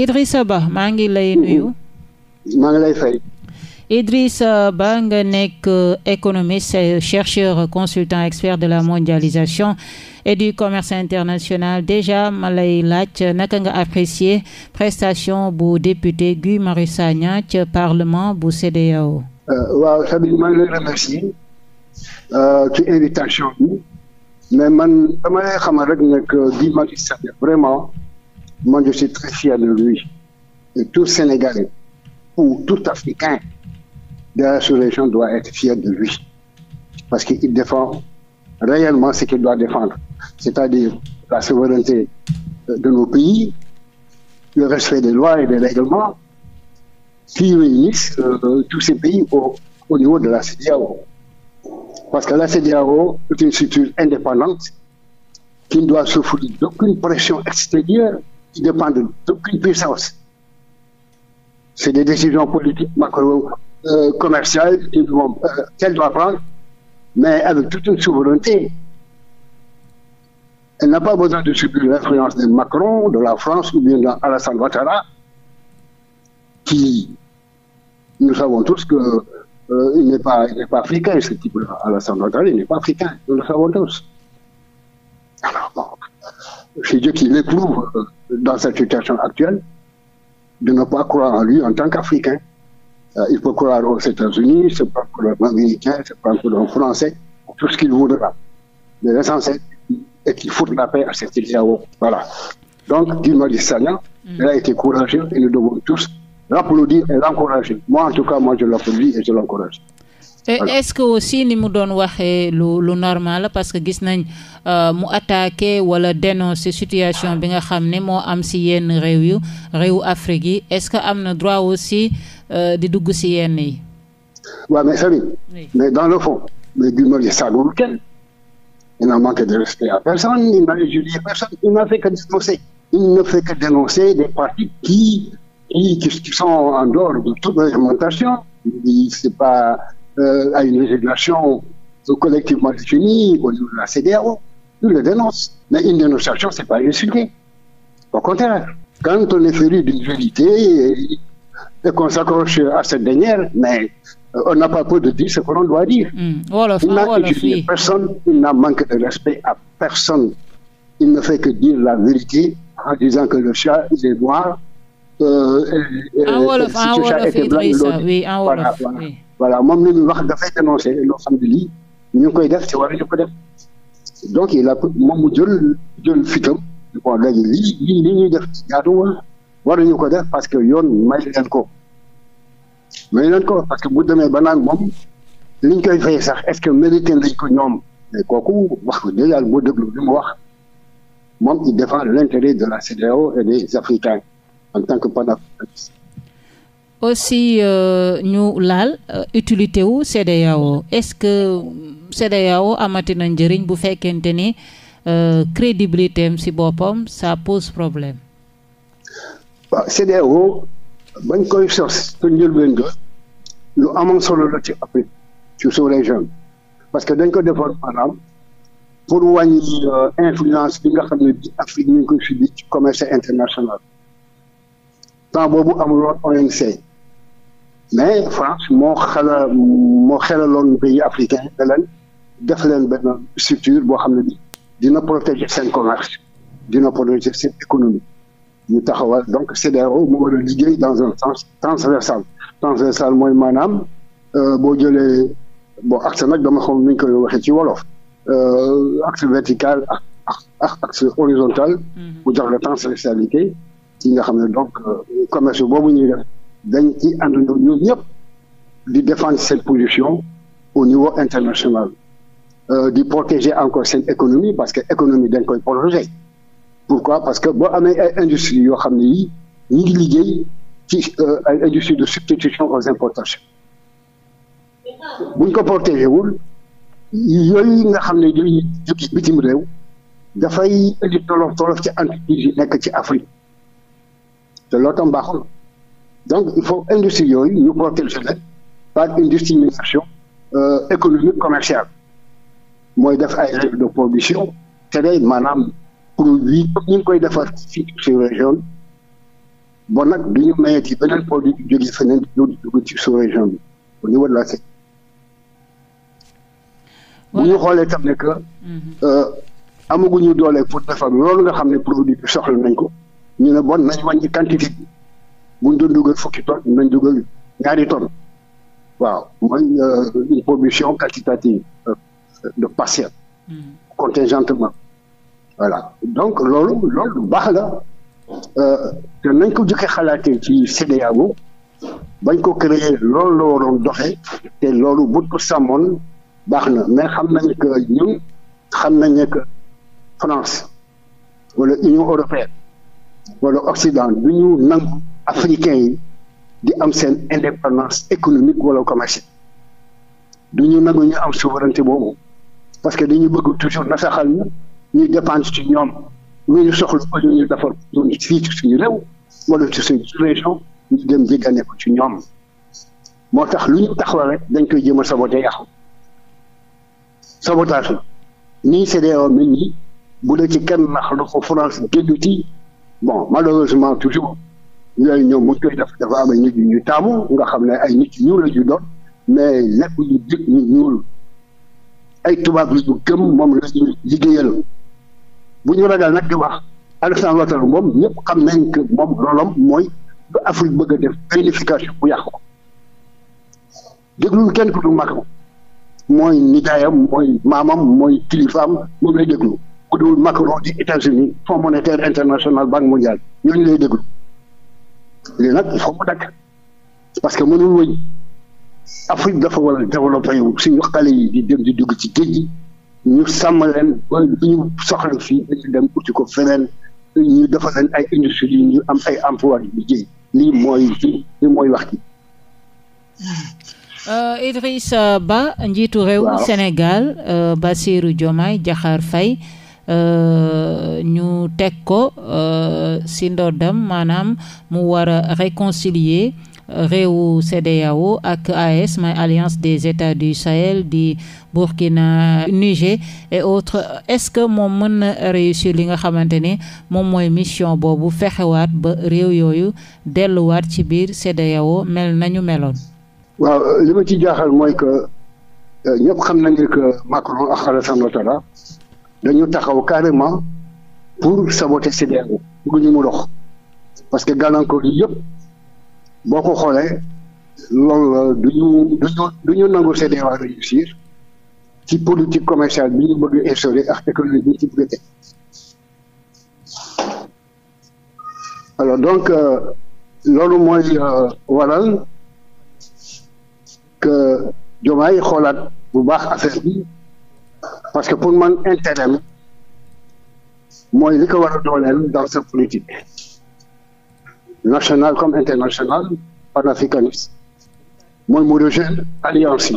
Idrissa Ba maa ngi lay nuyu. maa nga nekk euh, économiste chercheur consultant expert de la mondialisation et du commerce international déjà ma lay laaj naka nga apprécier prestation bu député Guy Marius Sagna parlement bu CEDEAO. Euh, waaw Moi, je suis très fier de lui. Et tout Sénégalais ou tout Africain de la sous doit être fier de lui. Parce qu'il défend réellement ce qu'il doit défendre, c'est-à-dire la souveraineté de nos pays, le respect des lois et des règlements qui réunissent euh, tous ces pays au, niveau de la CDAO. Parce que la CDAO est une structure indépendante qui ne doit souffrir d'aucune pression extérieure qui dépendent d'aucune puissance. C'est des décisions politiques macro-commerciales euh, euh, qu'elle doit prendre, mais avec toute une souveraineté. Elle n'a pas besoin de subir l'influence de Macron, de la France ou bien d'Alassane Ouattara, qui, nous savons tous que euh, il n'est pas, africain, ce type-là. Alassane il n'est pas africain, nous le savons tous. c'est Dieu qui l'éprouve euh, dans sa situation actuelle, de ne pas croire lui en tant qu'Africain. Euh, il peut croire aux États-Unis, il peut croire aux Américains, il peut croire aux Français, tout ce qu'il voudra. Mais l'essentiel est qu'il faut la paix à cette île Voilà. Donc, Dilma Dissagna, elle mm. a été courageuse et nous devons tous l'applaudir et l'encourager. Moi, en tout cas, je l'applaudis et je l'encourage. est-ce que aussi ni mu doon waxee lu lu normal la parce que gis nañ euh, mu attaqué wala dénoncer situation bi nga xam ne moo am si yenn réew yu réewu Afrique yi est-ce que am na droit aussi euh, di dugg si yenn yi. mais Samy. mais dans le fond. mais Guy Marius Sagna kenn. il n'a fait que dénoncer. il ne fait que dénoncer des partis qui sont en dehors de toute réglementation. c'est pas. euh, à une régulation collectivement définie au niveau de la CDAO. Ils le dénoncent. Mais une dénonciation, ce pas insulter. Au contraire, quand on est féru d'une vérité et, qu'on s'accroche à cette dernière, mais euh, on n'a pas peur de dire ce que l'on doit dire. Mm. n'a oui. personne, il n'a manqué de respect à personne. Il ne fait que dire la vérité en disant que le chat, il est noir, Euh, ah, en wolof en wolof Idrissa en wolof voilà moom la ñuy wax dafay dénoncer loo xam ne lii ñu ngi koy def ci waruñu ko def donc il a moom mu jël jël fitam bon léegi lii li ñuy def ci jaaduwul waruñu ko def parce que yoon may leen ko may leen ko parce que bu demee ba naan moom liñ koy fay sax est-ce que mérité lañ ko ñoom mais kooku wax dëgg yàlla boo déglu li mu wax moom il défend l'intérêt de la CEDEAO et des Africains en tant que panafricaniste. aussi euh, ñu laal euh, utilité wu CEDEAO est-ce que CEDEAO amati na njëriñ bu fekkente ni euh, crédibilité am si boppam ça pose problème. waaw CEDEAO bañ koy sos te njëlbeen ga lu solo la ci Afrique ci sous-région parce que dañ ko defoon maanaam pour wàññi influence bi nga xam ne bi Afrique ñu koy subi ci commerce international. temps boobu amuloon OMC mais France moo xala moo xelaloon pays africain ne leen def leen benn structure boo xam ne dina protéger seen commerce dina protéger seen économie ñu taxawal donc CEDEAO moo war a liggéey dans un sens transversal transversal mooy maanaam euh, boo jëlee bon axe nag dama xam nu ñu koy waxee ci wolof euh, axe vertical ak axe horizontal. bu mm-hmm. jox la transversalité. ci nga xam ne donc euh, commerce boobu ñuy def dañ ci ànd ñun ñëpp di défendre cette position au niveau international euh, di protéger encore seen économie parce que économie dañ koy protéger pourquoi parce que boo amee ay industrie yoo xam ne yi ñu ngi liggéey ci euh, ay industrie de substitution aux importations buñ ko protéger wul yooyu nga xam ne dañuy jóge bitim réew dafay indi tolof tolof ci entreprise yi nekk ci Afrique te loolu tam baaxul donc il faut industrie yooyu ñu protéger leen par une discrimination euh, économique commerciale mooy def ay règles de production te day maanaam produit ñu ngi koy defar fii sur région bi bon nag du ñu mayee ci beneen produit bi jóge feneen di dugg ci la SEC bu ñu xoolee tam ne que mm-hmm. euh, amaguñu doole pour defar loolu nga xam ne produit bi soxla nañ ko ñu ne bon nañ wàññi quantité bi buñ doon dugal fukki tonnes nañ dugal ñaari tonnes waaw mooy euh, une production quantitative euh, de partielle hmm. contingentement voilà donc loolu lool baax la euh, te nañ ko jëkkee xalaatee ci CEDEAO bañ ko créer lool la doxe te loolu buñ ko sàmmoon baax na mais xam nañ que ñun xam nañ ne que France wala Union européenne wala Occident du ñu nangu africain yi di am seen indépendance économique wala commerciale du ñu nangu ñu am souveraineté boobu parce que dañu bëgg toujours nasaxal ñu ñuy dépendre ci ñoom lu ñu soxla fii ci suñu réew wala ci suñu région ñu dem jéggane ko ci ñoom moo tax lu ñu taxaw rek dañ koy jéem a saboté yàqu sabotage la nii CEDEAO mel nii bu dee ci kenn nax lu ko France génnuti bon malheureusement toujours yooyu ñoom mu koy def dafa am ay nit yu ñu taamu nga xam ne ay nit yu ñuul la ñu doon mais lépp ñu dig ñu ñuul ay tubaab yu gëm moom la ñu liggéeyal bu ñu ragal nag di wax Alexandre Ouattara moom ñëpp xam nañ que moom loolam mooy ba Afrique bëgg a def planification bu yàqu déglu kenn ku dul Macron mooy nijaayam mooy maamam mooy kilifaam moom lay déglu. ku dul Macron di États-Unis Fonds monétaire international Banque mondiale ñooñu lay déglu lii nag il faut dakk parce que mënul wëñ Afrique dafa war a développé wu suñu yi di dem ci géej ñu sàmm leen ñu soxla fii dañu dem uti ko feneen ñu dafa ay industrie ñu am ay emploi yu jéy lii mooy lii mooy wax ci euh, Idrissa Ba njiitu réew Sénégal euh, Bassirou Diomaye Diakhar Faye Euh, ñu teg ko euh, si ndoddam maanaam mu war a réconcilier euh, réewu CEDEAO ak AES mooy alliance des états du Sahel di Burkina Niger et autres est-ce que moom mën na réussir li nga xamante ni moom mooy mission boobu fexewaat ba réew yooyu delluwaat ci biir CEDEAO mel nañu meloon waaw li ci jaaxal mooy que ñëpp xam nañu que Macron ak Alassane Ouattara dañu taxaw carrément pour saboter CEDEAO bëgguñu mu dox parce que gàllankoor yi yëpp boo ko xoolee loolu du ñu du ñu du ñu nangu CEDEAO réussir ci politique commerciale bi ñu bëgg instaurer ak économie bi ñu ci bëgg teg donc euh, loolu mooy euh, waral que Diomaye xoolaat bu baax affaire bi. parce que pour man intérêt mooy li ko war a dooleel dans sa politique nationale comme internationale panafricaniste mooy mu rejoindre alliance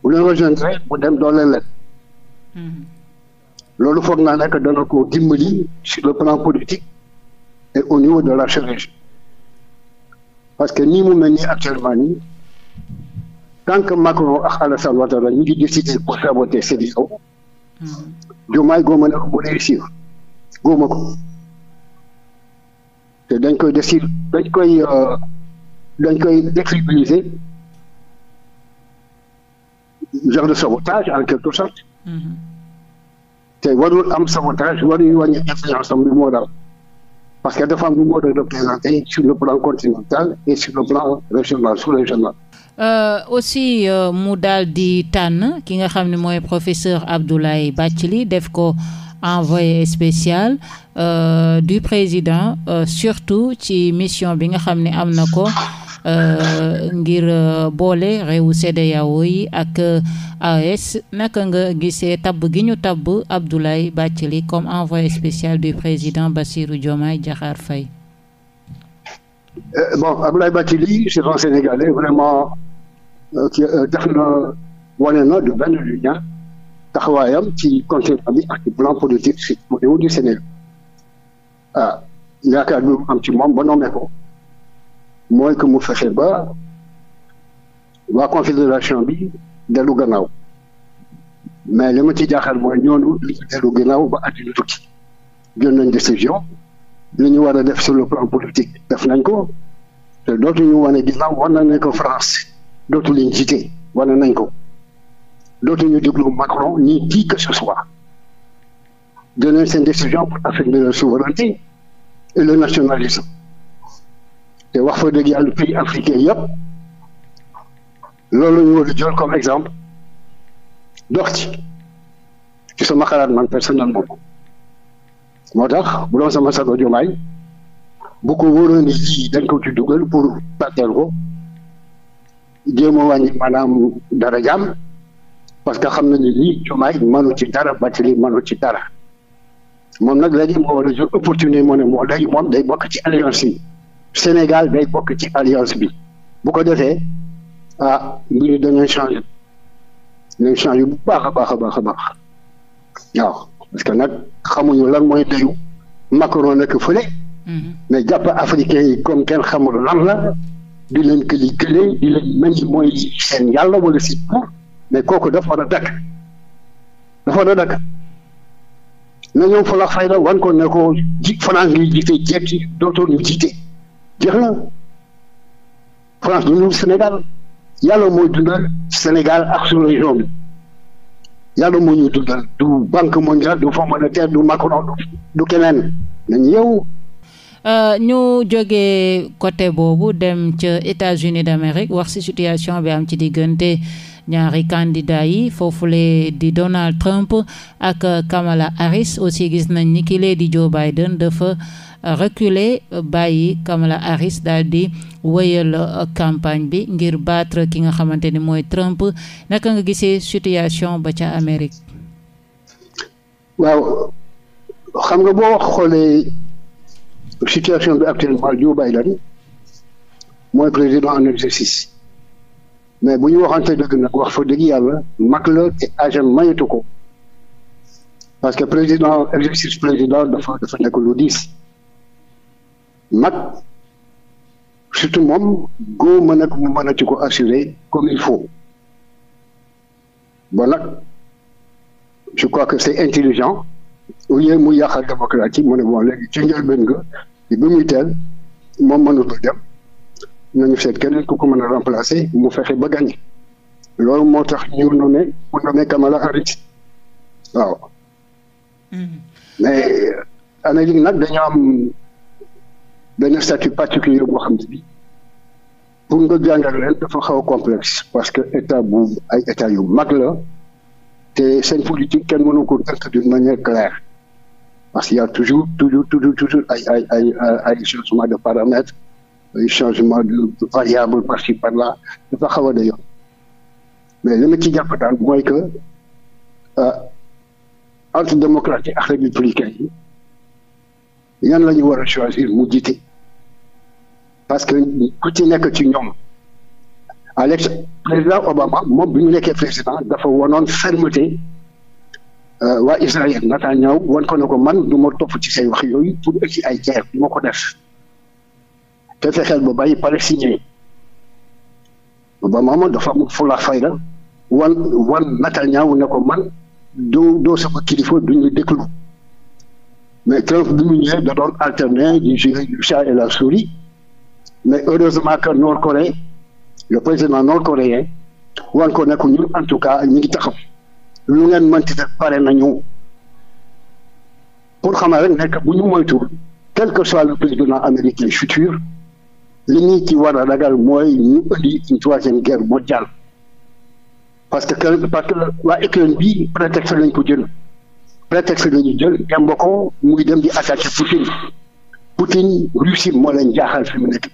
bu leen rejoindre mu dem dooleel leen mm-hmm. loolu foog naa nekk dana ko dimbali sur le plan politique et au de la région parce que nii mu mel nii actuellement nii tant que Macron ak Alassane Ouattara ñu ngi décider pour saboter CEDEAO hmm. Diomaye góoma na ko bu réussir góoma ko te dañ koy décid dañ koy euh, dañ koy décrédibiliser genre de sabotage en quelque sorte hmm. te warul am sabotage waruñu wàññi influence am bi parce que dafa am lu moo représenté sur le plan continental et sur le plan régional sous-régional Euh, aussi euh, mu dal di tànn ki nga xam ne mooy professeur bàcc li def ko envoyé spécial euh, du président euh, surtout ci mission bi nga xam ni am na ko euh, ngir boole réewu CEDEAO yi ak AES naka nga gisee tab gi ñu tabb bàcc li comme envoyé spécial du président Bassirou Diomaye Diakhar Faye. def euh, na wane na du benn du taxawaayam ci continent bi ak ci plan politique si au niveau du Sénégal ah yaakaar bi am ci moom ba nommé ko mooy que mu fexe ba waa confédération bi dellu gannaaw mais li ma ci jaaxal mooy ñoonu li dellu gannaaw ba àddina tukki jël nañ décision li ñu war a def sur le plan politique def nañ ko te dootuñu wane ginnaaw war nañ ne ko France dootu leen jiite wala nañ ko dootuñu diglu Macron ni qui que ce soit donner seen décision pour affirmer leur souveraineté et le nationalisme te wax fa dëgg yàlla pays africain yëpp loolu ñu war a jël comme exemple dox ci ci sama xalaat man personnellement moo tax bu doon sama sago Diomaye bu ko wóoroon dañ ko ci dugal pour bàtteel ko jéem a wàññi maanaam dara jaam parce que xam na ni lii Diomaye mënu ci dara Bathily mënu ci dara moom nag léegi moo war a jël opportunité moo ne moo léegi moom day bokk ci alliance bi Sénégal day ci alliance bi bu ko defee ah mbir yi dañoo changé dañoo bu baax a baax a baax a baax parce que nag xamuñu lan mooy dayu Macron nekk fële mhm. mais jàpp africain yi comme kenn xamul lan la di leen këli këlee di leen mel ni mooy seen yàlla wala si pour mais kooku dafa war a dakk dafa war a dakk na ñoom fa la fayda wan ko ne ko ji France ngi jiite jekki dootoo ñu jiite jeex na France dundul Sénégal yàlla mooy dundal Sénégal ak su région bi yàlla moo ñu dundal du banque mondiale du fonds monétaire du Macron du keneen nañ yow Euh, ñu jógee côté boobu dem ca États-Unis d'Amérique wax si situation bi am ci diggante ñaari candidat yi foofule di Donald Trump ak Kamala Harris aussi gis nañ ni ki lee di Joe Biden dafa reculer bàyyi Kamala Harris daal di wëyal campagne bi ngir battre ki nga xamante ni mooy Trump naka nga gisee situation ba ca Amérique. waaw xam nga boo xoolee situation bi actuellement Joe Biden mooy président en exercice mais bu ñu waxante dëgg nag wax fa dégg yàlla mag la te agent mayatu ko parce que président exercice président dafa dafa nekk lu diis mag surtout moom góo mën ak mu mën a ci ko assurer comme il faut bon nag je crois que c'est intelligent au lieu mu yàqal démocratie mu ne bon léegi ci njëlbeen nga bi muy teel moom mënutul dem nañu seet keneen ku ko mën a remplacer mu fexe ba gagné loolu moo tax ñu nommé mu nommé Kamala Harris waaw mhm. mais euh, Amérique nag dañoo am benn statut particulier boo xam ne bi pour nga jàngal leen dafa xaw a complexe parce que état bu ay état yu mag la te seen politique kenn mënu ko tënk d'une manière claire parce qu'il y toujours toujours toujours toujours ay ay ay ay changement de paramètres ay changement de variable par-ci par-là dafa xaw a doy mais li ma ci jàpp daal mooy que euh, entre démocrate ak républicain yi ñan la ñu war a choisir mu jiite parce que ku ci nekk ci ñoom Alex président Obama moom bi mu nekkee président dafa wanoon fermeté Euh, waa Israël Netanyahu wan ko ne ko man du ma topp ci say wax yooyu pour ci ay guerre du ma ko def te fexeel ba bàyyi palestinien ba moom dafa am fula fayda wan wan Netanyahu ne ko man doo doo sama kilifa du ñu déglu mais Trump bi mu da doon alterner du jeu du chat la souris mais heureusement que Nord-Corée le président nord-coréen wan ko ne ko ñun en tout cas ñu ngi taxaw. lu ngeen mënti def pare nañu pour xamal rek nekk bu ñu moytuwul quel que soit le président américain futur li ñuy ci war a ragal mooy ñu indi une troisième guerre mondiale parce que parce que waa Ukraine bi prétexte lañ ko jël prétexte lañu jël dem ba ko muy dem di attaquer Poutine Poutine Russie moo leen jaaxal fi mu nekk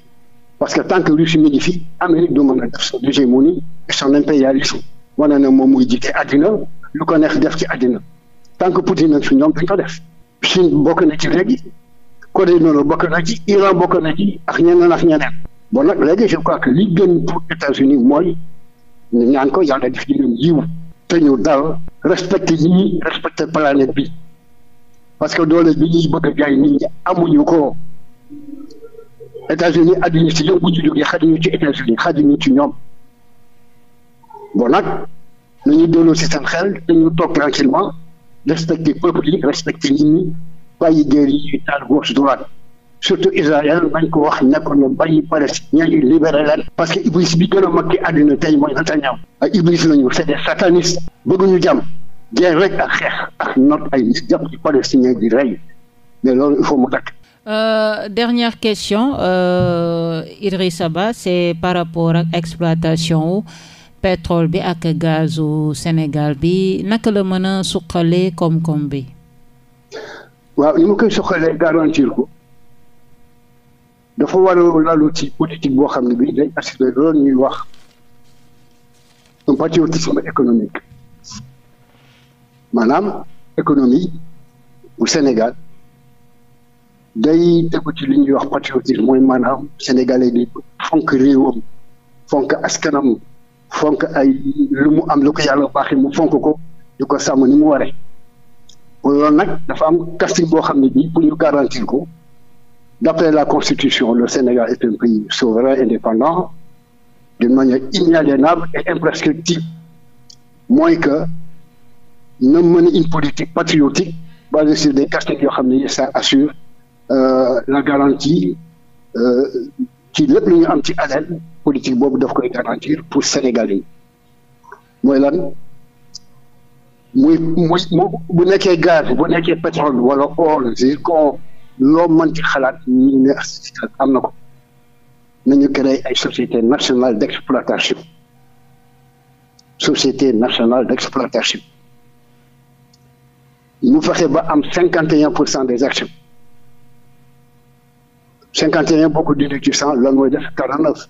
parce que tant que Russie mi ni fi Amérique du mën a def son hégémonie et son impérialisme wane na moom muy jiite àddina lu ko neex def ci àddina tant que Poutine ak su ñoom dañ ko def Chine bokk na ci léegi Corée du Nord bokk na ci Iran bokk na ci ak ñeneen ak ñeneen bon nag léegi je crois que li gën pour États-Unis mooy ñu ñaan ko yàlla def ñu leen yiw te ñu dal respecté nit ñi respecté planète bi parce que doole bi ñuy bëgg a jaay ni ñi amuñu ko États-Unis àddina si yëpp bu ñu jógee xajuñu ci États-Unis ci ñoom bon nag nu delloo si seen xel te ñu toog tranquillement respecté peuple yi respecté nit ñi bàyyi guerre yi ñuy taal gauche droite surtout israël bañ ko wax ne ko ñu bàyyi palestinien yi parce que iblis bi gën a mag ci àddina tey mooy Netanyahu ay ah, iblis lañu c'est des satanistes bëgguñu jàmm jeex rek ak xeex ak not ay nit jàpp ci palestinien di rey mais loolu il faut mu takk Euh, dernière question euh, Idrissa Ba c'est par rapport ak exploitation pétrole bi ak gazu Sénégal bi naka la mën a suqalee koom bi. waaw ñu mu koy suqalee garantir ko dafa war a lalu ci boo xam ne bi day assuré loolu ñuy wax un patriotisme économique maanaam économie bu Sénégal. day tegu ci li ñuy wax patriotisme mooy maanaam sénégalais di fonk réewam fonk askanam fonk ay lu mu am lu ko yàlla baaxee mu fonk ko di ko sàmm ni mu waree loolu nag dafa am casting boo xam ne bii pour ñu garantir ko d'après la constitution le Sénégal est un pays souverain indépendant d'une manière inaliénable et imprescriptible mooy que na mën une politique patriotique basée sur des castings yoo xam ne sa assure euh, la garantie euh, ci lépp lu ñu am ci alal politique boobu daf koy garantir pour Sénégalais mooy lan muy muy bu nekkee gaz bu nekkee pétrole wala or zircon loo mënti xalaat ñu ne am na ko nañu créé ay société nationale d'exploitation société nationale d'exploitation ñu fexe ba am cinquante et pour cent des actions cinquante et un boo ko dindi ci cent lan mooy def neuf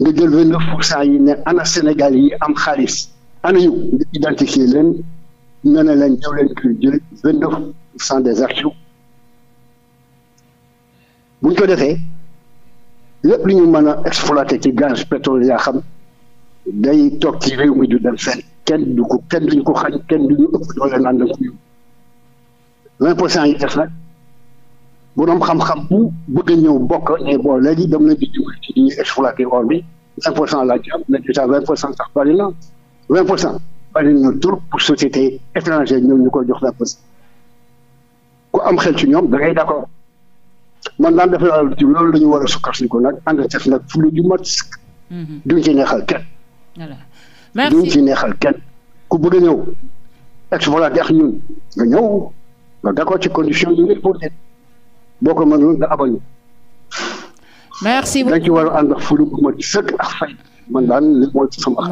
nga jël vingt neuf pour cent yi ne ana Sénégal yi am xaalis ana ñu nga identifier leen ne na leen ñëw jël vingt neuf pour cent des archives bu ñu ko defee lépp lu ñu mën a exploité ci gaz pétrole yaa xam day toog ci réew mi du dem fenn kenn du ko kenn duñu ko xañ kenn duñu ëpp doole naan danga ko yóbbu vingt pour cent yi def nag borom xam-xam bu bëgg ñëw bokk ne boo léegi dem leen di qui exploitaient hors bi 20% la CAF mais déjà 20% sax bari na 20% bari na trop pour société étrangère ñoom ñu koy jox la pos ku am xel ci ñoom da ngay d'accord man daan def ci loolu la ñu war a sukkandiku nag ANACIM nag fu lu ñu mat sëkk. Mhm. duñ ci neexal kenn. voilà merci duñ ci neexal kenn ku bëgg a ñëw exploité ak ñun nga ñëw nga d'accord ci condition yi nga boo ko mënul merci beaucoup dañ a ànd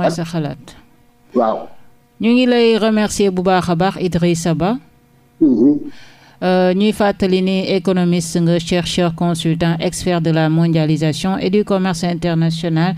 ak xalaat mooy ngi lay remercier bu baax a baax Idrissa Ba. Mhm. Euh, ñuy fàttali ni économiste nga chercheur consultant expert de la mondialisation et du commerce international.